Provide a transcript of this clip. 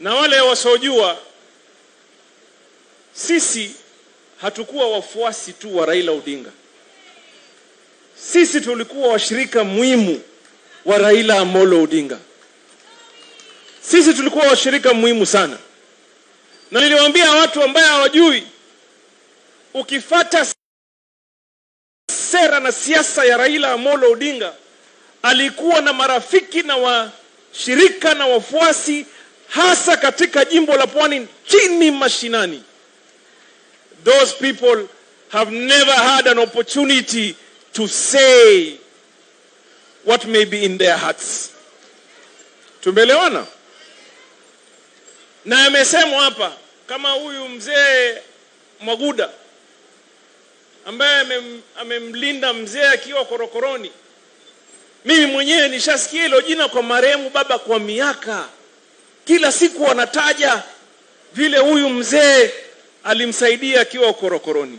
Na wale wasiojua, sisi hatukuwa wafuasi tu wa Raila Odinga, sisi tulikuwa washirika muhimu wa Raila Amolo Odinga. Sisi tulikuwa washirika muhimu sana, na niliwaambia watu ambaye hawajui, ukifata sera na siasa ya Raila Amolo Odinga, alikuwa na marafiki na washirika na wafuasi hasa katika jimbo la Pwani chini mashinani. Those people have never had an opportunity to say what may be in their hearts. Tumeelewana? Na yamesemwa hapa kama huyu mzee Mwaguda ambaye amemlinda ame mzee akiwa korokoroni. Mimi mwenyewe nishasikia hilo jina kwa marehemu baba kwa miaka kila siku wanataja vile huyu mzee alimsaidia akiwa ukorokoroni.